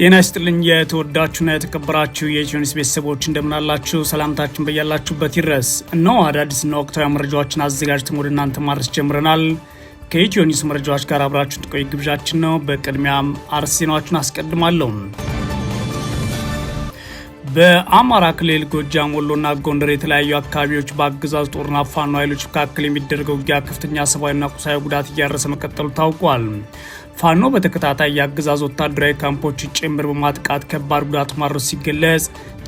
ጤና ይስጥልኝ የተወዳችሁና የተከበራችሁ የኢትዮኒስ ቤተሰቦች እንደምናላችሁ፣ ሰላምታችን በያላችሁበት ይድረስ። እነሆ አዳዲስና ወቅታዊ መረጃዎችን አዘጋጅተን ወደ እናንተ ማድረስ ጀምረናል። ከኢትዮኒስ መረጃዎች ጋር አብራችሁን ጥቆይ ግብዣችን ነው። በቅድሚያም አርዕስተ ዜናዎችን አስቀድማለሁ። በአማራ ክልል ጎጃም፣ ወሎና ጎንደር የተለያዩ አካባቢዎች በአገዛዝ ጦርና ፋኖ ኃይሎች መካከል የሚደረገው ውጊያ ከፍተኛ ሰብአዊና ቁሳዊ ጉዳት እያደረሰ መቀጠሉ ታውቋል። ፋኖ በተከታታይ የአገዛዝ ወታደራዊ ካምፖች ጭምር በማጥቃት ከባድ ጉዳት ማድረስ ሲገለጽ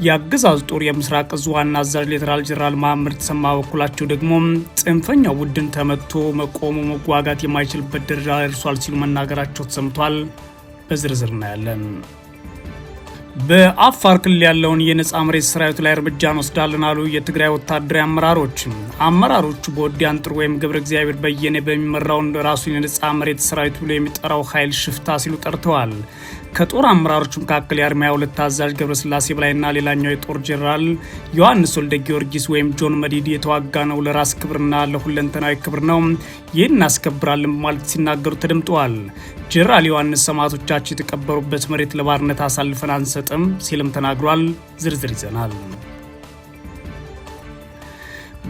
የአገዛዝ ጦር የምስራቅ እዝ ዋና አዛዥ ሌተናል ጄኔራል መሐመድ ተሰማ በኩላቸው ደግሞ ጽንፈኛው ቡድን ተመቶ መቆሙ መዋጋት የማይችልበት ደረጃ ደርሷል ሲሉ መናገራቸው ተሰምቷል። በዝርዝር እናያለን። በአፋር ክልል ያለውን የነጻ መሬት ሰራዊት ላይ እርምጃ እንወስዳለን አሉ የትግራይ ወታደራዊ አመራሮች። አመራሮቹ በወዲ አንጥር ወይም ገብረ እግዚአብሔር በየነ በሚመራውን ራሱን የነጻ መሬት ሰራዊት ብሎ የሚጠራው ኃይል ሽፍታ ሲሉ ጠርተዋል። ከጦር አመራሮች መካከል የአርሚ 22 ታዛዥ ገብረስላሴ በላይና ሌላኛው የጦር ጄኔራል ዮሐንስ ወልደ ጊዮርጊስ ወይም ጆን መዲድ የተዋጋ ነው፣ ለራስ ክብርና ለሁለንተናዊ ክብር ነው፣ ይህን እናስከብራለን በማለት ሲናገሩ ተደምጠዋል። ጄኔራል ዮሐንስ ሰማዕቶቻቸው የተቀበሩበት መሬት ለባርነት አሳልፈን አንሰጥም ሲልም ተናግሯል። ዝርዝር ይዘናል።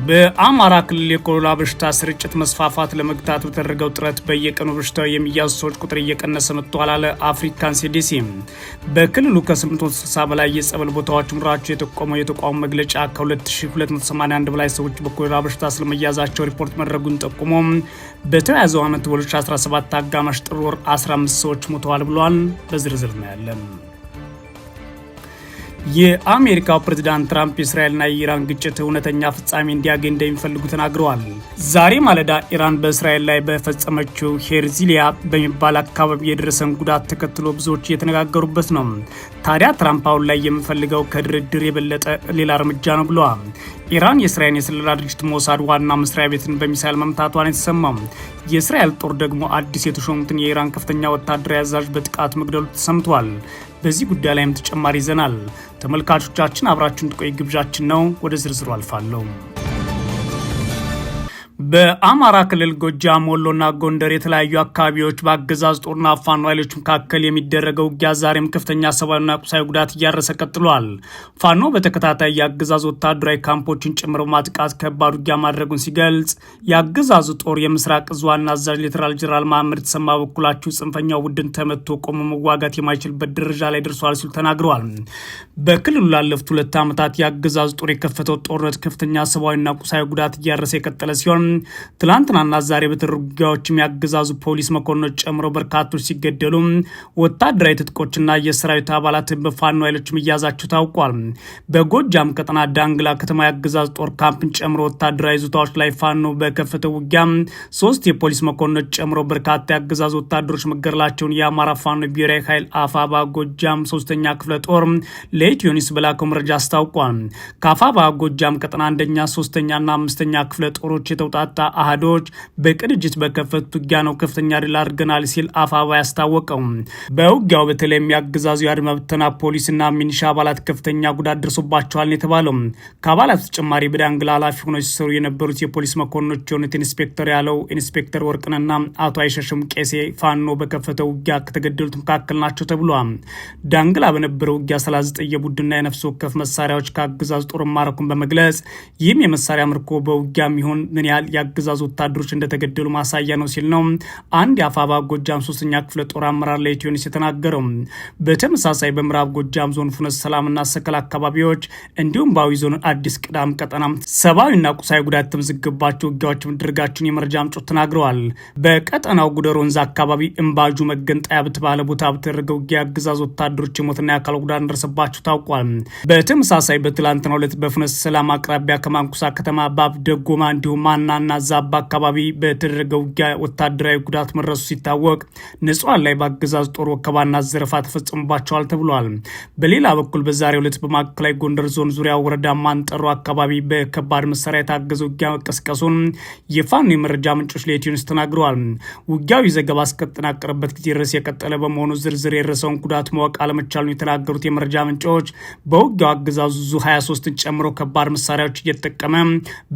በአማራ ክልል የኮሮና በሽታ ስርጭት መስፋፋት ለመግታት በተደረገው ጥረት በየቀኑ በሽታው የሚያዙ ሰዎች ቁጥር እየቀነሰ መጥቷል አለ አፍሪካን ሲዲሲ። በክልሉ ከ860 በላይ የጸበል ቦታዎች ምራቸው የጠቆመው የተቋሙ መግለጫ ከ2281 በላይ ሰዎች በኮሮና በሽታ ስለመያዛቸው ሪፖርት መድረጉን ጠቁሞ በተያያዘው ዓመት በ2017 አጋማሽ ጥር ወር 15 ሰዎች ሞተዋል ብሏል። በዝርዝር ነው የአሜሪካው ፕሬዝዳንት ትራምፕ የእስራኤልና የኢራን ግጭት እውነተኛ ፍጻሜ እንዲያገኝ እንደሚፈልጉ ተናግረዋል። ዛሬ ማለዳ ኢራን በእስራኤል ላይ በፈጸመችው ሄርዚሊያ በሚባል አካባቢ የደረሰን ጉዳት ተከትሎ ብዙዎች እየተነጋገሩበት ነው። ታዲያ ትራምፕ አሁን ላይ የምፈልገው ከድርድር የበለጠ ሌላ እርምጃ ነው ብለዋል። ኢራን የእስራኤል የስለላ ድርጅት ሞሳድ ዋና መስሪያ ቤትን በሚሳይል መምታቷን የተሰማው የእስራኤል ጦር ደግሞ አዲስ የተሾሙትን የኢራን ከፍተኛ ወታደራዊ አዛዥ በጥቃት መግደሉ ተሰምቷል። በዚህ ጉዳይ ላይም ተጨማሪ ይዘናል። ተመልካቾቻችን አብራችሁን ጥቆይ ግብዣችን ነው። ወደ ዝርዝሩ አልፋለሁ። በአማራ ክልል ጎጃም፣ ወሎና ጎንደር የተለያዩ አካባቢዎች በአገዛዝ ጦርና ፋኖ ኃይሎች መካከል የሚደረገው ውጊያ ዛሬም ከፍተኛ ሰብአዊና ቁሳዊ ጉዳት እያረሰ ቀጥሏል። ፋኖ በተከታታይ የአገዛዝ ወታደራዊ ካምፖችን ጭምር ማጥቃት ከባድ ውጊያ ማድረጉን ሲገልጽ፣ የአገዛዙ ጦር የምስራቅ እዝ ዋና አዛዥ ሌተናል ጄኔራል መሐመድ ተሰማ በኩላችሁ ጽንፈኛው ቡድን ተመቶ ቆሞ መዋጋት የማይችልበት ደረጃ ላይ ደርሷል ሲሉ ተናግረዋል። በክልሉ ላለፉት ሁለት ዓመታት የአገዛዝ ጦር የከፈተው ጦርነት ከፍተኛ ሰብአዊና ቁሳዊ ጉዳት እያረሰ የቀጠለ ሲሆን ትላንትናና ዛሬ በተደረጉ ውጊያዎችም ያገዛዙ ፖሊስ መኮንኖች ጨምሮ በርካቶች ሲገደሉ ወታደራዊ ትጥቆችና የሰራዊት አባላት በፋኖ ኃይሎች እያዛቸው ታውቋል። በጎጃም ቀጠና ዳንግላ ከተማ ያገዛዙ ጦር ካምፕን ጨምሮ ወታደራዊ ይዞታዎች ላይ ፋኖ በከፈተው ውጊያ ሶስት የፖሊስ መኮንኖች ጨምሮ በርካታ ያገዛዙ ወታደሮች መገደላቸውን የአማራ ፋኖ ብሔራዊ ኃይል አፋባ ጎጃም ሶስተኛ ክፍለ ጦር ለኢትዮ ኒውስ በላከው መረጃ አስታውቋል። ከአፋባ ጎጃም ቀጠና አንደኛ ሶስተኛና አምስተኛ ክፍለ ጦሮች የተውጣ በርካታ አህዶች በቅንጅት በከፈቱት ውጊያ ነው ከፍተኛ ድል አድርገናል ሲል አፋባ ያስታወቀው። በውጊያው በተለይም የአገዛዙ የአድማ ብተና ፖሊስና ሚኒሻ አባላት ከፍተኛ ጉዳት ደርሶባቸዋል የተባለው ከአባላት ተጨማሪ በዳንግላ ኃላፊ ሆኖ ሲሰሩ የነበሩት የፖሊስ መኮንኖች የሆኑት ኢንስፔክተር ያለው ኢንስፔክተር ወርቅንና አቶ አይሸሽም ቄሴ ፋኖ በከፈተው ውጊያ ከተገደሉት መካከል ናቸው ተብሏል። ዳንግላ በነበረው ውጊያ 39 የቡድንና የነፍስ ወከፍ መሳሪያዎች ከአገዛዙ ጦር ማረኩን በመግለጽ ይህም የመሳሪያ ምርኮ በውጊያ የሚሆን ምን ያህል የአገዛዝ ወታደሮች እንደተገደሉ ማሳያ ነው ሲል ነው አንድ የአፋባ ጎጃም ሶስተኛ ክፍለ ጦር አመራር ለኢትዮኒስ የተናገረው። በተመሳሳይ በምዕራብ ጎጃም ዞን ፉነት ሰላምና ሰከል አካባቢዎች እንዲሁም በአዊ ዞን አዲስ ቅዳም ቀጠና ሰብአዊና ቁሳዊ ጉዳት የተመዘገባቸው ውጊያዎች መደረጋቸውን የመረጃ ምንጮች ተናግረዋል። በቀጠናው ጉደር ወንዝ አካባቢ እምባጁ መገንጣያ በተባለ ቦታ በተደረገ ውጊያ አገዛዝ ወታደሮች የሞትና የአካል ጉዳት እንደረሰባቸው ታውቋል። በተመሳሳይ በትላንትናው ዕለት በፍኖተ ሰላም አቅራቢያ ከማንኩሳ ከተማ ባብ ደጎማ እንዲሁም ማናና ዛላና ዛባ አካባቢ በተደረገ ውጊያ ወታደራዊ ጉዳት መድረሱ ሲታወቅ፣ ንጹሐን ላይ በአገዛዝ ጦር ወከባና ዘረፋ ተፈጽሞባቸዋል ተብሏል። በሌላ በኩል በዛሬው ዕለት በማዕከላዊ ጎንደር ዞን ዙሪያ ወረዳ ማንጠሮ አካባቢ በከባድ መሳሪያ የታገዘ ውጊያ መቀስቀሱን የፋኖ የመረጃ ምንጮች ለኢትዮንስ ተናግረዋል። ውጊያዊ ዘገባ እስከተጠናቀረበት ጊዜ ድረስ የቀጠለ በመሆኑ ዝርዝር የደረሰውን ጉዳት ማወቅ አለመቻሉን የተናገሩት የመረጃ ምንጮች በውጊያው አገዛዙ ዙ 23ን ጨምሮ ከባድ መሳሪያዎች እየተጠቀመ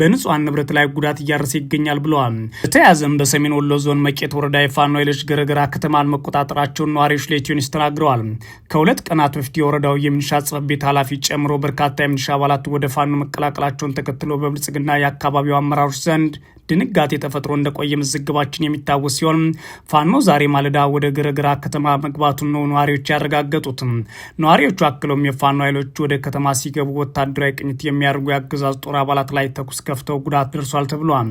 በንጹሐን ንብረት ላይ ጉዳት እያ እያረሰ ይገኛል ብለዋል። በተያያዘም በሰሜን ወሎ ዞን መቄት ወረዳ የፋኖ ኃይሎች ገረገራ ከተማን መቆጣጠራቸውን ነዋሪዎች ለኢትዮኒስ ተናግረዋል። ከሁለት ቀናት በፊት የወረዳው የሚኒሻ ጽሕፈት ቤት ኃላፊ ጨምሮ በርካታ የሚኒሻ አባላት ወደ ፋኖ መቀላቀላቸውን ተከትሎ በብልጽግና የአካባቢው አመራሮች ዘንድ ድንጋጤ ተፈጥሮ እንደቆየ መዘገባችን የሚታወስ ሲሆን ፋኖ ዛሬ ማለዳ ወደ ገረገራ ከተማ መግባቱን ነው ነዋሪዎች ያረጋገጡት። ነዋሪዎቹ አክለውም የፋኖ ኃይሎች ወደ ከተማ ሲገቡ ወታደራዊ ቅኝት የሚያደርጉ የአገዛዝ ጦር አባላት ላይ ተኩስ ከፍተው ጉዳት ደርሷል ተብሏል።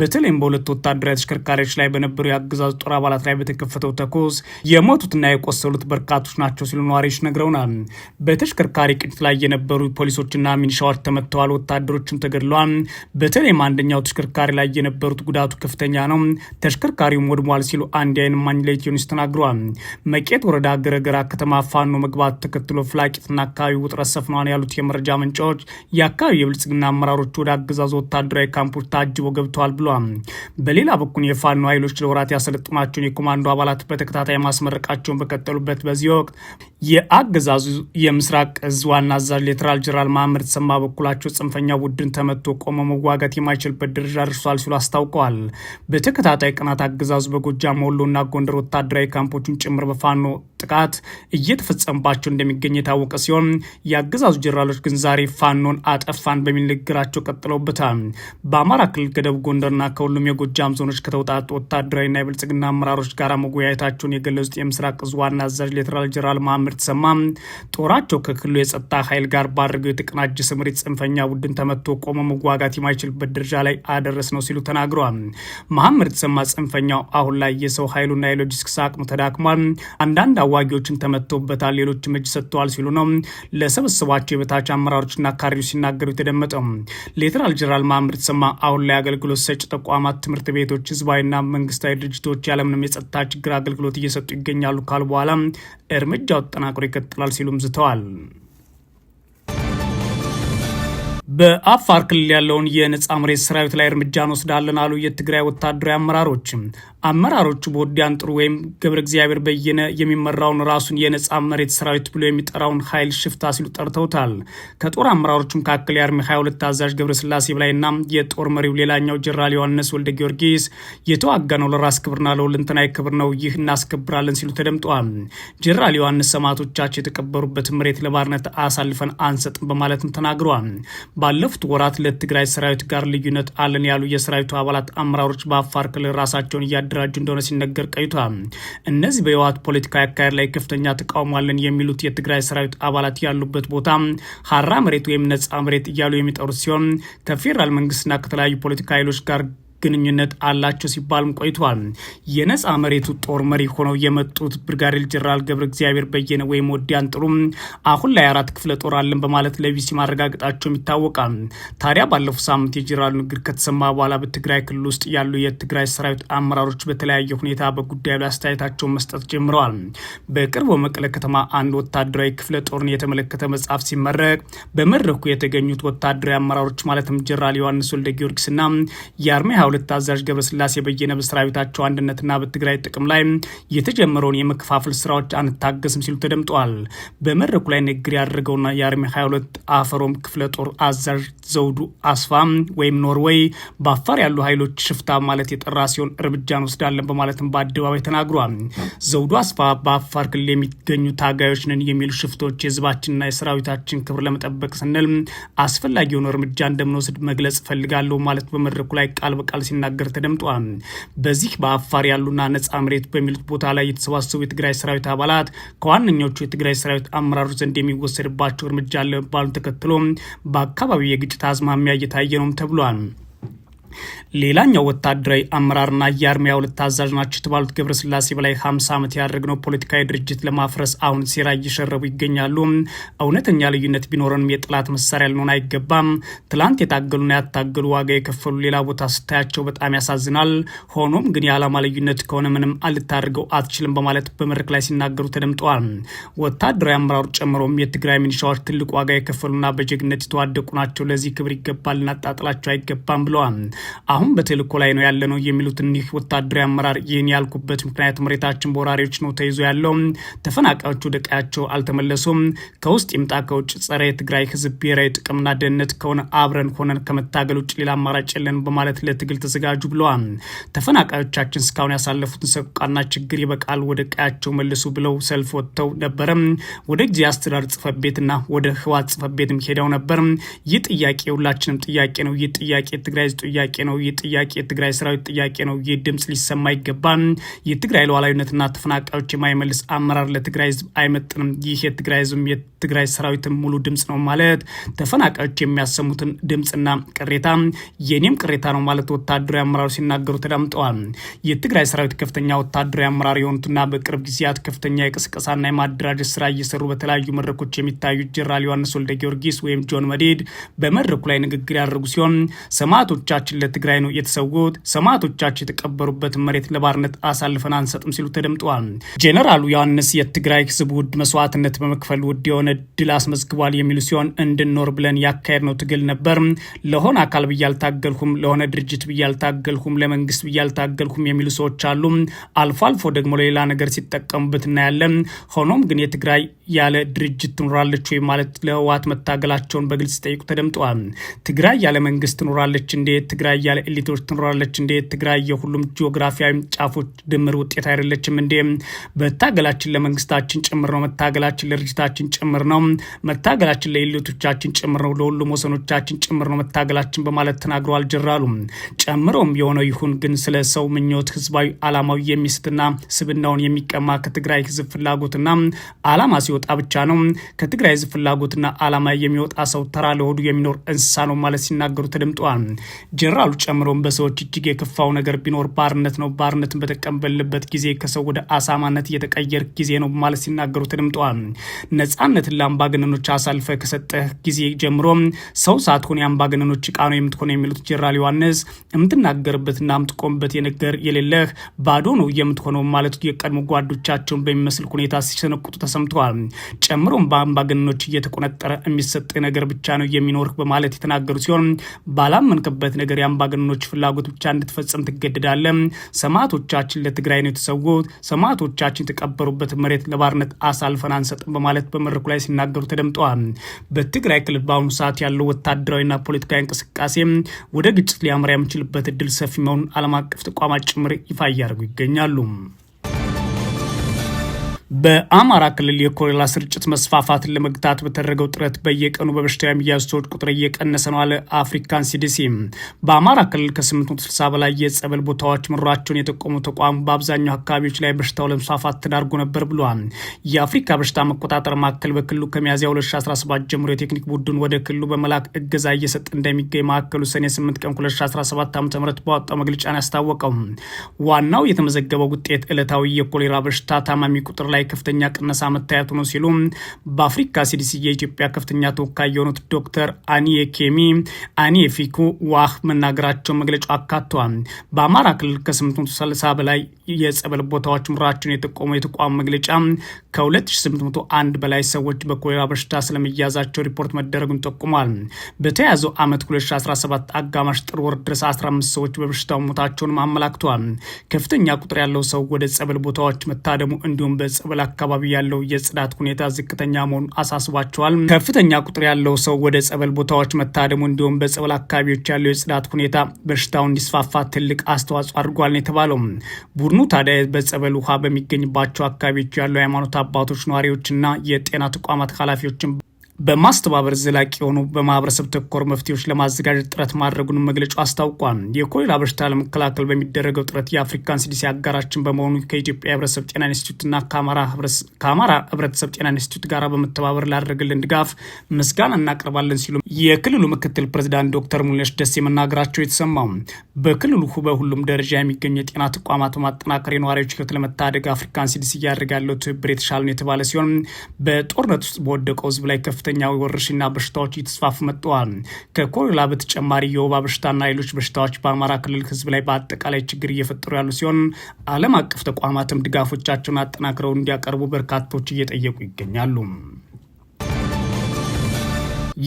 በተለይም በሁለት ወታደራዊ ተሽከርካሪዎች ላይ በነበሩ የአገዛዝ ጦር አባላት ላይ በተከፈተው ተኩስ የሞቱትና የቆሰሉት በርካቶች ናቸው ሲሉ ነዋሪዎች ነግረውናል። በተሽከርካሪ ቅኝት ላይ የነበሩ ፖሊሶችና ሚኒሻዎች ተመተዋል ወታደሮችም ተገድለዋል። በተለይም አንደኛው ተሽከርካሪ ላይ የነበሩት ጉዳቱ ከፍተኛ ነው፣ ተሽከርካሪውም ወድሟል ሲሉ አንድ የዓይን እማኝ ለኢትዮ ኒውስ ተናግረዋል። መቄት ወረዳ ገረገራ ከተማ ፋኖ መግባት ተከትሎ ፍላቂትና አካባቢ ውጥረት ሰፍኗል ያሉት የመረጃ ምንጮች የአካባቢ የብልጽግና አመራሮች ወደ አገዛዙ ወታደራዊ ካምፖች ታጅበው ገብተዋል ብሏል። በሌላ በኩል የፋኖ ኃይሎች ለወራት ያሰለጥኗቸውን የኮማንዶ አባላት በተከታታይ ማስመረቃቸውን በቀጠሉበት በዚህ ወቅት የአገዛዙ የምስራቅ እዝ ዋና አዛዥ ሌተናል ጀራል መሐመድ ተሰማ በኩላቸው ጽንፈኛ ቡድን ተመቶ ቆሞ መዋጋት የማይችልበት ደረጃ ደርሷል ሲሉ አስታውቀዋል። በተከታታይ ቀናት አገዛዙ በጎጃም ወሎና ጎንደር ወታደራዊ ካምፖችን ጭምር በፋኖ ጥቃት እየተፈጸመባቸው እንደሚገኝ የታወቀ ሲሆን የአገዛዙ ጀነራሎች ግን ዛሬ ፋኖን አጠፋን በሚል ንግግራቸው ቀጥለውበታል። በአማራ ክልል ከደቡብ ጎንደርና ከሁሉም የጎጃም ዞኖች ከተውጣጡ ወታደራዊና የብልጽግና አመራሮች ጋር መወያየታቸውን የገለጹት የምስራቅ እዝ ዋና አዛዥ ሌተናል ጀነራል መሐመድ ታምር ተሰማ ጦራቸው ከክልሉ የጸጥታ ኃይል ጋር ባድርገው የተቀናጀ ስምሪት ጽንፈኛ ቡድን ተመቶ ቆሞ መዋጋት የማይችልበት ደረጃ ላይ አደረስ ነው ሲሉ ተናግረዋል። መሐመድ ተሰማ ጽንፈኛው አሁን ላይ የሰው ኃይሉና የሎጂስቲክስ አቅሙ ተዳክሟል፣ አንዳንድ አዋጊዎችን ተመቶበታል፣ ሌሎች እጅ ሰጥተዋል ሲሉ ነው ለሰበሰቧቸው የበታች አመራሮችና ካሪዎች ሲናገሩ የተደመጠው። ሌተናል ጀነራል መሐመድ ተሰማ አሁን ላይ አገልግሎት ሰጭ ተቋማት፣ ትምህርት ቤቶች፣ ህዝባዊና መንግስታዊ ድርጅቶች ያለምንም የጸጥታ ችግር አገልግሎት እየሰጡ ይገኛሉ ካሉ በኋላ እርምጃ ተጠናክሮ ይቀጥላል ሲሉም ዝተዋል። በአፋር ክልል ያለውን የነጻ መሬት ሰራዊት ላይ እርምጃ እንወስዳለን አሉ የትግራይ ወታደራዊ አመራሮች። አመራሮቹ በወዲያን ጥሩ ወይም ገብረ እግዚአብሔር በየነ የሚመራውን ራሱን የነጻ መሬት ሰራዊት ብሎ የሚጠራውን ኃይል ሽፍታ ሲሉ ጠርተውታል። ከጦር አመራሮቹ መካከል የአርሚ 22 አዛዥ ገብረስላሴ በላይና የጦር መሪው ሌላኛው ጀራል ዮሐንስ ወልደ ጊዮርጊስ የተዋጋነው ለራስ ክብርና ለሁለንተናዊ ክብር ነው፣ ይህ እናስከብራለን ሲሉ ተደምጠዋል። ጀራል ዮሐንስ ሰማዕቶቻቸው የተቀበሩበትን መሬት ለባርነት አሳልፈን አንሰጥም በማለትም ተናግረዋል። ባለፉት ወራት ለትግራይ ሰራዊት ጋር ልዩነት አለን ያሉ የሰራዊቱ አባላት አመራሮች በአፋር ክልል ራሳቸውን እያደራጁ እንደሆነ ሲነገር ቆይቷል። እነዚህ በህወሓት ፖለቲካዊ አካሄድ ላይ ከፍተኛ ተቃውሞ አለን የሚሉት የትግራይ ሰራዊት አባላት ያሉበት ቦታ ሀራ መሬት ወይም ነጻ መሬት እያሉ የሚጠሩት ሲሆን ከፌዴራል መንግስትና ከተለያዩ ፖለቲካ ኃይሎች ጋር ግንኙነት አላቸው ሲባልም ቆይቷል። የነፃ መሬቱ ጦር መሪ ሆነው የመጡት ብርጋዴር ጀነራል ገብረ እግዚአብሔር በየነ ወይም ወዲያን ጥሩ አሁን ላይ አራት ክፍለ ጦር አለን በማለት ለቢሲ ማረጋገጣቸውም ይታወቃል። ታዲያ ባለፈው ሳምንት የጀራል ንግግር ከተሰማ በኋላ በትግራይ ክልል ውስጥ ያሉ የትግራይ ሰራዊት አመራሮች በተለያየ ሁኔታ በጉዳዩ ላይ አስተያየታቸውን መስጠት ጀምረዋል። በቅርቡ መቀለ ከተማ አንድ ወታደራዊ ክፍለ ጦርን የተመለከተ መጽሐፍ ሲመረቅ በመድረኩ የተገኙት ወታደራዊ አመራሮች ማለትም ጀነራል ዮሐንስ ወልደ ጊዮርጊስና የአርሜ ሁለት አዛዥ ገብረስላሴ በየነ በሰራዊታቸው አንድነትና በትግራይ ጥቅም ላይ የተጀመረውን የመከፋፈል ስራዎች አንታገስም ሲሉ ተደምጠዋል። በመድረኩ ላይ ንግግር ያደረገውና የአርሚ 22 አፈሮም ክፍለ ጦር አዛዥ ዘውዱ አስፋ ወይም ኖርዌይ በአፋር ያሉ ኃይሎች ሽፍታ ማለት የጠራ ሲሆን እርምጃ እንወስዳለን በማለትም በአደባባይ ተናግሯል። ዘውዱ አስፋ በአፋር ክልል የሚገኙ ታጋዮች ነን የሚሉ ሽፍቶች የህዝባችንና የሰራዊታችን ክብር ለመጠበቅ ስንል አስፈላጊ እርምጃ እንደምንወስድ መግለጽ እፈልጋለሁ ማለት በመድረኩ ላይ ቃል በቃል ቃል ሲናገር ተደምጧል። በዚህ በአፋር ያሉና ነጻ መሬት በሚሉት ቦታ ላይ የተሰባሰቡ የትግራይ ሰራዊት አባላት ከዋነኞቹ የትግራይ ሰራዊት አመራሮች ዘንድ የሚወሰድባቸው እርምጃ ለመባሉ ተከትሎ በአካባቢው የግጭት አዝማሚያ እየታየ ነው ተብሏል። ሌላኛው ወታደራዊ አመራርና የአርሚያ ሁለት ታዛዥ ናቸው የተባሉት ገብረስላሴ በላይ 50 ዓመት ያደረግነው ፖለቲካዊ ድርጅት ለማፍረስ አሁን ሴራ እየሸረቡ ይገኛሉ። እውነተኛ ልዩነት ቢኖረንም የጠላት መሳሪያ ልንሆን አይገባም። ትላንት የታገሉና ያታገሉ ዋጋ የከፈሉ ሌላ ቦታ ስታያቸው በጣም ያሳዝናል። ሆኖም ግን የዓላማ ልዩነት ከሆነ ምንም አልታደርገው አትችልም በማለት በመድረክ ላይ ሲናገሩ ተደምጠዋል። ወታደራዊ አመራሩ ጨምሮም የትግራይ ሚኒሻዎች ትልቅ ዋጋ የከፈሉና በጀግነት የተዋደቁ ናቸው። ለዚህ ክብር ይገባል፣ ልናጣጥላቸው አይገባም ብለዋል። አሁን በተልእኮ ላይ ነው ያለ ነው የሚሉት እኒህ ወታደራዊ አመራር ይህን ያልኩበት ምክንያት መሬታችን በወራሪዎች ነው ተይዞ ያለው፣ ተፈናቃዮቹ ወደ ቀያቸው አልተመለሱም። ከውስጥ ይምጣ ከውጭ ጸረ የትግራይ ህዝብ ብሔራዊ ጥቅምና ደህንነት ከሆነ አብረን ሆነን ከመታገል ውጭ ሌላ አማራጭ የለን በማለት ለትግል ተዘጋጁ ብለዋል። ተፈናቃዮቻችን እስካሁን ያሳለፉትን ሰቆቃና ችግር ይበቃል፣ ወደ ቀያቸው መልሱ ብለው ሰልፍ ወጥተው ነበረ። ወደ ጊዜ አስተዳደር ጽፈት ቤትና ወደ ህዋት ጽፈት ቤትም ሄደው ነበር። ይህ ጥያቄ ሁላችንም ጥያቄ ነው። ይህ ጥያቄ ትግራይ ጥያቄ ጥያቄ ነው። ይህ ጥያቄ የትግራይ ሰራዊት ጥያቄ ነው። ይህ ድምፅ ሊሰማ ይገባል። የትግራይ ሉዓላዊነትና ተፈናቃዮች የማይመልስ አመራር ለትግራይ ህዝብ አይመጥንም። ይህ የትግራይ ህዝብም የትግራይ ሰራዊትም ሙሉ ድምፅ ነው ማለት ተፈናቃዮች የሚያሰሙትን ድምፅና ቅሬታ የኔም ቅሬታ ነው ማለት ወታደራዊ አመራሩ ሲናገሩ ተዳምጠዋል። የትግራይ ሰራዊት ከፍተኛ ወታደራዊ አመራር የሆኑትና በቅርብ ጊዜያት ከፍተኛ የቅስቀሳና የማደራጀት ስራ እየሰሩ በተለያዩ መድረኮች የሚታዩት ጀነራል ዮሐንስ ወልደ ጊዮርጊስ ወይም ጆን መዴድ በመድረኩ ላይ ንግግር ያደረጉ ሲሆን ሰማዕቶቻችን ለትግራይ ነው የተሰውት ሰማዕቶቻቸው የተቀበሩበትን መሬት ለባርነት አሳልፈን አንሰጥም ሲሉ ተደምጠዋል። ጄኔራሉ ዮሐንስ የትግራይ ህዝብ ውድ መስዋዕትነት በመክፈል ውድ የሆነ ድል አስመዝግቧል የሚሉ ሲሆን እንድንኖር ብለን ያካሄድ ነው ትግል ነበር። ለሆነ አካል ብዬ ለሆነ ድርጅት ብዬ ለመንግስት ብዬ የሚሉ ሰዎች አሉ። አልፎ አልፎ ደግሞ ለሌላ ነገር ሲጠቀሙበት እናያለን። ሆኖም ግን የትግራይ ያለ ድርጅት ትኖራለች ወይ ማለት ለህወሓት መታገላቸውን በግልጽ ሲጠይቁ ተደምጠዋል። ትግራይ ያለ መንግስት ትኖራለች እንዴት? ትግራይ ያለ ኤሊቶች ትኖራለች እንዴት? ትግራይ የሁሉም ጂኦግራፊያዊ ጫፎች ድምር ውጤት አይደለችም እንዴ? መታገላችን ለመንግስታችን ጭምር ነው። መታገላችን ለድርጅታችን ጭምር ነው። መታገላችን ለኤሊቶቻችን ጭምር ነው። ለሁሉም ወሰኖቻችን ጭምር ነው መታገላችን በማለት ተናግሮ አልጀራሉም። ጨምሮም የሆነው ይሁን ግን ስለ ሰው ምኞት ህዝባዊ አላማዊ የሚስትና ስብናውን የሚቀማ ከትግራይ ህዝብ ፍላጎትና አላማ ሲወ ሲወጣ ብቻ ነው ከትግራይ ህዝብ ፍላጎትና አላማ የሚወጣ ሰው ተራ ለሆዱ የሚኖር እንስሳ ነው ማለት ሲናገሩ ተደምጠዋል። ጀኔራሉ ጨምረውን በሰዎች እጅግ የከፋው ነገር ቢኖር ባርነት ነው። ባርነትን በተቀበልበት ጊዜ ከሰው ወደ አሳማነት እየተቀየር ጊዜ ነው ማለት ሲናገሩ ተደምጠዋል። ነጻነትን ለአምባገነኖች አሳልፈ ከሰጠህ ጊዜ ጀምሮ ሰው ሳትሆን የአምባገነኖች እቃ ነው የምትሆነ የሚሉት ጀነራል ዮሐንስ የምትናገርበትና የምትቆምበት የነገር የሌለህ ባዶ ነው የምትሆነው ማለት የቀድሞ ጓዶቻቸውን በሚመስል ሁኔታ ሲሰነቁጡ ተሰምተዋል። ጨምሮም በአምባገነኖች እየተቆነጠረ የሚሰጥ ነገር ብቻ ነው የሚኖር በማለት የተናገሩ ሲሆን ባላመንክበት ነገር የአምባገነኖች ፍላጎት ብቻ እንድትፈጽም ትገደዳለ። ሰማዕቶቻችን ለትግራይ ነው የተሰዉት። ሰማዕቶቻችን የተቀበሩበት መሬት ለባርነት አሳልፈን አንሰጥም በማለት በመድረኩ ላይ ሲናገሩ ተደምጠዋል። በትግራይ ክልል በአሁኑ ሰዓት ያለው ወታደራዊና ፖለቲካዊ እንቅስቃሴ ወደ ግጭት ሊያመራ የሚችልበት እድል ሰፊ መሆኑን ዓለም አቀፍ ተቋማት ጭምር ይፋ እያደረጉ ይገኛሉ። በአማራ ክልል የኮሌራ ስርጭት መስፋፋትን ለመግታት በተደረገው ጥረት በየቀኑ በበሽታ የሚያዙ ሰዎች ቁጥር እየቀነሰ ነው አለ አፍሪካን ሲዲሲ። በአማራ ክልል ከ860 በላይ የጸበል ቦታዎች መኖራቸውን የጠቆሙ ተቋሙ በአብዛኛው አካባቢዎች ላይ በሽታው ለመስፋፋት ተዳርጎ ነበር ብሏል። የአፍሪካ በሽታ መቆጣጠር ማዕከል በክልሉ ከሚያዝያ 2017 ጀምሮ የቴክኒክ ቡድን ወደ ክልሉ በመላክ እገዛ እየሰጠ እንደሚገኝ ማዕከሉ ሰኔ 8 ቀን 2017 ዓ ም በወጣው መግለጫን ያስታወቀው ዋናው የተመዘገበው ውጤት ዕለታዊ የኮሌራ በሽታ ታማሚ ቁጥር ላይ ላይ ከፍተኛ ቅነሳ መታየቱ ነው ሲሉ በአፍሪካ ሲዲሲ የኢትዮጵያ ከፍተኛ ተወካይ የሆኑት ዶክተር አኒየ ፊኩ ዋህ መናገራቸው መግለጫው አካቷል። በአማራ ክልል ከ830 በላይ የጸበል ቦታዎች ምራቸውን የጠቆመው የተቋሙ መግለጫ ከ2801 በላይ ሰዎች በኮሌራ በሽታ ስለመያዛቸው ሪፖርት መደረጉን ጠቁሟል። በተያያዘው ዓመት 2017 አጋማሽ ጥር ወር ድረስ 15 ሰዎች በበሽታው ሞታቸውን አመላክቷል። ከፍተኛ ቁጥር ያለው ሰው ወደ ጸበል ቦታዎች መታደሙ እንዲሁም በጸበል አካባቢ ያለው የጽዳት ሁኔታ ዝቅተኛ መሆኑን አሳስቧቸዋል። ከፍተኛ ቁጥር ያለው ሰው ወደ ጸበል ቦታዎች መታደሙ እንዲሁም በጸበል አካባቢዎች ያለው የጽዳት ሁኔታ በሽታው እንዲስፋፋ ትልቅ አስተዋጽኦ አድርጓል ነው የተባለው። ቡድኑ ታዲያ በጸበል ውሃ በሚገኝባቸው አካባቢዎች ያለው ሃይማኖት አባቶች፣ ነዋሪዎችና የጤና ተቋማት ኃላፊዎችን በማስተባበር ዘላቂ የሆኑ በማህበረሰብ ተኮር መፍትሄዎች ለማዘጋጀት ጥረት ማድረጉን መግለጫው አስታውቋል። የኮሌራ በሽታ ለመከላከል በሚደረገው ጥረት የአፍሪካን ሲዲሲ አጋራችን በመሆኑ ከኢትዮጵያ ህብረተሰብ ጤና ኢንስቲትዩትና ከአማራ ህብረተሰብ ጤና ኢንስቲትዩት ጋር በመተባበር ላደረግልን ድጋፍ ምስጋና እናቀርባለን ሲሉ የክልሉ ምክትል ፕሬዚዳንት ዶክተር ሙሉነሽ ደሴ መናገራቸው የተሰማው በክልሉ በሁሉም ደረጃ የሚገኙ የጤና ተቋማት ማጠናከር የነዋሪዎች ህይወት ለመታደግ አፍሪካን ሲዲሲ እያደረገ ያለው ትብብር የተሻለ ነው የተባለ ሲሆን በጦርነት ውስጥ በወደቀው ህዝብ ላይ ከፍተ ከፍተኛ ወረርሽና በሽታዎች እየተስፋፉ መጥተዋል። ከኮሌራ በተጨማሪ የወባ በሽታና ሌሎች በሽታዎች በአማራ ክልል ህዝብ ላይ በአጠቃላይ ችግር እየፈጠሩ ያሉ ሲሆን ዓለም አቀፍ ተቋማትም ድጋፎቻቸውን አጠናክረው እንዲያቀርቡ በርካቶች እየጠየቁ ይገኛሉ።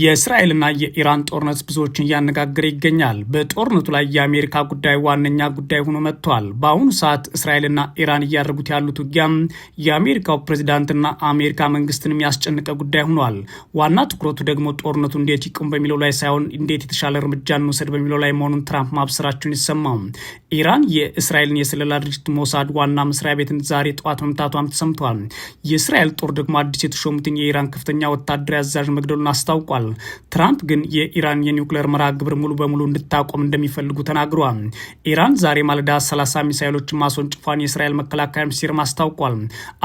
የእስራኤልና የኢራን ጦርነት ብዙዎችን እያነጋገረ ይገኛል። በጦርነቱ ላይ የአሜሪካ ጉዳይ ዋነኛ ጉዳይ ሆኖ መጥቷል። በአሁኑ ሰዓት እስራኤልና ኢራን እያደረጉት ያሉት ውጊያም የአሜሪካው ፕሬዚዳንትና አሜሪካ መንግስትን የሚያስጨንቀ ጉዳይ ሆኗል። ዋና ትኩረቱ ደግሞ ጦርነቱ እንዴት ይቁም በሚለው ላይ ሳይሆን እንዴት የተሻለ እርምጃ እንውሰድ በሚለው ላይ መሆኑን ትራምፕ ማብሰራቸውን ይሰማው። ኢራን የእስራኤልን የስለላ ድርጅት ሞሳድ ዋና መስሪያ ቤትን ዛሬ ጠዋት መምታቷም ተሰምቷል የእስራኤል ጦር ደግሞ አዲስ የተሾሙትን የኢራን ከፍተኛ ወታደራዊ አዛዥ መግደሉን አስታውቋል። ትራምፕ ግን የኢራን የኒውክሌር መርሃ ግብር ሙሉ በሙሉ እንድታቆም እንደሚፈልጉ ተናግረዋል። ኢራን ዛሬ ማለዳ 30 ሚሳይሎችን ማስወንጭፏን የእስራኤል መከላከያ ሚኒስቴርም አስታውቋል።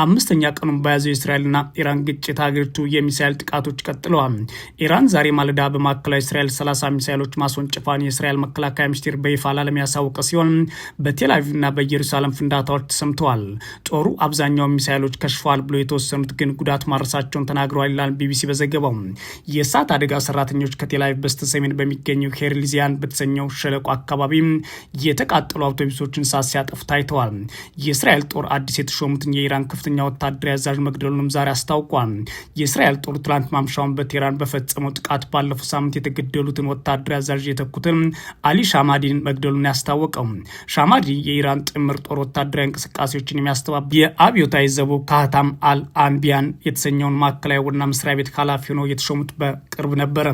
አምስተኛ ቀኑን በያዘው የእስራኤልና ኢራን ግጭት ሀገሪቱ የሚሳይል ጥቃቶች ቀጥለዋል። ኢራን ዛሬ ማለዳ በማዕከላዊ እስራኤል 30 ሚሳይሎች ማስወንጭፏን የእስራኤል መከላከያ ሚኒስቴር በይፋ ላለም ያሳወቀ ሲሆን እና በኢየሩሳሌም ፍንዳታዎች ተሰምተዋል። ጦሩ አብዛኛውን ሚሳይሎች ከሽፈዋል ብሎ የተወሰኑት ግን ጉዳት ማድረሳቸውን ተናግረዋል ይላል ቢቢሲ በዘገባው። የእሳት አደጋ ሰራተኞች ከቴላቪቭ በስተሰሜን በሚገኘው ሄርሊዚያን በተሰኘው ሸለቆ አካባቢ የተቃጠሉ አውቶቡሶችን እሳት ሲያጠፉ ታይተዋል። የእስራኤል ጦር አዲስ የተሾሙትን የኢራን ከፍተኛ ወታደራዊ አዛዥ መግደሉንም ዛሬ አስታውቋል። የእስራኤል ጦር ትላንት ማምሻውን በቴህራን በፈጸመው ጥቃት ባለፈው ሳምንት የተገደሉትን ወታደራዊ አዛዥ የተኩትን አሊ ሻማዲን መግደሉን ያስታወቀው ሻማዲ የኢራን ጥምር ጦር ወታደራዊ እንቅስቃሴዎችን የሚያስተባብ የአብዮታዊ ዘቡ ካህታም አል አንቢያን የተሰኘውን ማዕከላዊ ዋና መስሪያ ቤት ኃላፊ ሆነው የተሾሙት በቅርብ ነበረ።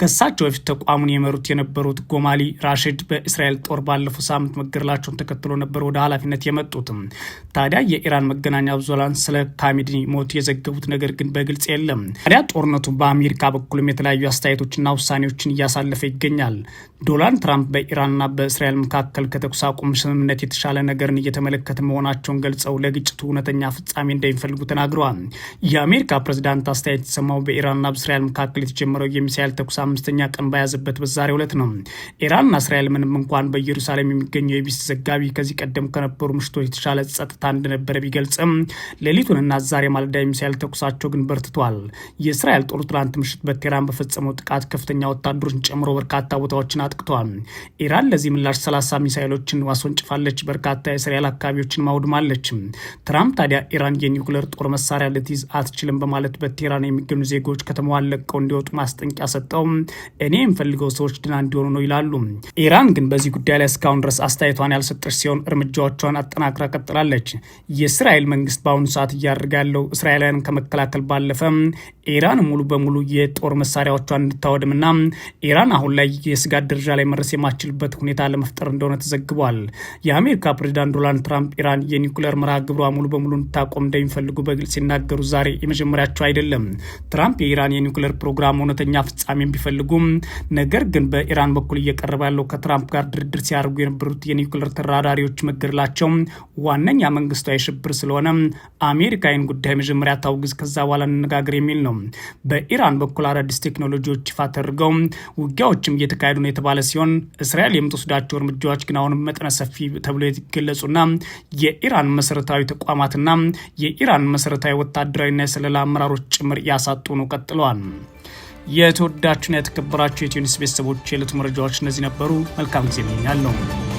ከሳቸው በፊት ተቋሙን የመሩት የነበሩት ጎማሊ ራሽድ በእስራኤል ጦር ባለፈው ሳምንት መገደላቸውን ተከትሎ ነበር ወደ ኃላፊነት የመጡት። ታዲያ የኢራን መገናኛ ብዙኃን ስለ ካሚኒ ሞት የዘገቡት ነገር ግን በግልጽ የለም። ታዲያ ጦርነቱ በአሜሪካ በኩልም የተለያዩ አስተያየቶችና ውሳኔዎችን እያሳለፈ ይገኛል። ዶናልድ ትራምፕ በኢራንና በእስራኤል መካከል ከተ የተኩስ አቁም ስምምነት የተሻለ ነገርን እየተመለከተ መሆናቸውን ገልጸው ለግጭቱ እውነተኛ ፍጻሜ እንደሚፈልጉ ተናግረዋል። የአሜሪካ ፕሬዚዳንት አስተያየት የተሰማው በኢራንና በእስራኤል መካከል የተጀመረው የሚሳኤል ተኩስ አምስተኛ ቀን በያዘበት በዛሬው ዕለት ነው። ኢራንና እስራኤል ምንም እንኳን በኢየሩሳሌም የሚገኘው የቢስ ዘጋቢ ከዚህ ቀደም ከነበሩ ምሽቶች የተሻለ ጸጥታ እንደነበረ ቢገልጽም ሌሊቱንና ዛሬ ማለዳ የሚሳኤል ተኩሳቸው ግን በርትቷል። የእስራኤል ጦር ትላንት ምሽት በቴህራን በፈጸመው ጥቃት ከፍተኛ ወታደሮችን ጨምሮ በርካታ ቦታዎችን አጥቅቷል። ኢራን ለዚህ ምላሽ ሰላሳ ሚሳኤል ሚሳይሎችን አስወንጭፋለች፣ በርካታ የእስራኤል አካባቢዎችን ማውድማለች። ትራምፕ ታዲያ ኢራን የኒውክሌር ጦር መሳሪያ ልትይዝ አትችልም በማለት በቴህራን የሚገኙ ዜጎች ከተማዋን ለቀው እንዲወጡ ማስጠንቂያ ሰጠው። እኔ የምፈልገው ሰዎች ድና እንዲሆኑ ነው ይላሉ። ኢራን ግን በዚህ ጉዳይ ላይ እስካሁን ድረስ አስተያየቷን ያልሰጠች ሲሆን እርምጃዎቿን አጠናክራ ቀጥላለች። የእስራኤል መንግስት በአሁኑ ሰዓት እያደረገ ያለው እስራኤላውያን ከመከላከል ባለፈ ኢራን ሙሉ በሙሉ የጦር መሳሪያዎቿን እንድታወድምና ኢራን አሁን ላይ የስጋት ደረጃ ላይ መድረስ የማችልበት ሁኔታ ለመፍጠር እንደሆነ ተዘ ዘግቧል። የአሜሪካ ፕሬዚዳንት ዶናልድ ትራምፕ ኢራን የኒውክሌር መርሃ ግብሯ ሙሉ በሙሉ እንድታቆም እንደሚፈልጉ በግልጽ ሲናገሩ ዛሬ የመጀመሪያቸው አይደለም። ትራምፕ የኢራን የኒውክሌር ፕሮግራም እውነተኛ ፍጻሜ ቢፈልጉም ነገር ግን በኢራን በኩል እየቀረበ ያለው ከትራምፕ ጋር ድርድር ሲያደርጉ የነበሩት የኒውክሌር ተራዳሪዎች መገደላቸው ዋነኛ መንግስታዊ ሽብር ስለሆነ አሜሪካ ይህን ጉዳይ መጀመሪያ ታውግዝ፣ ከዛ በኋላ እንነጋገር የሚል ነው። በኢራን በኩል አዳዲስ ቴክኖሎጂዎች ይፋ ተደርገው ውጊያዎችም እየተካሄዱ ነው የተባለ ሲሆን እስራኤል የምትወስዳቸው እርምጃዎች ግን አሁንም መጠነ ሰፊ ተብሎ የገለጹና የኢራን መሰረታዊ ተቋማትና የኢራን መሰረታዊ ወታደራዊና የስለላ አመራሮች ጭምር ነው ቀጥለዋል። የተወዳችሁና የተከበራችሁ የትዩኒስ ቤተሰቦች የዕለቱ መረጃዎች እነዚህ ነበሩ። መልካም ጊዜ እመኛለሁ።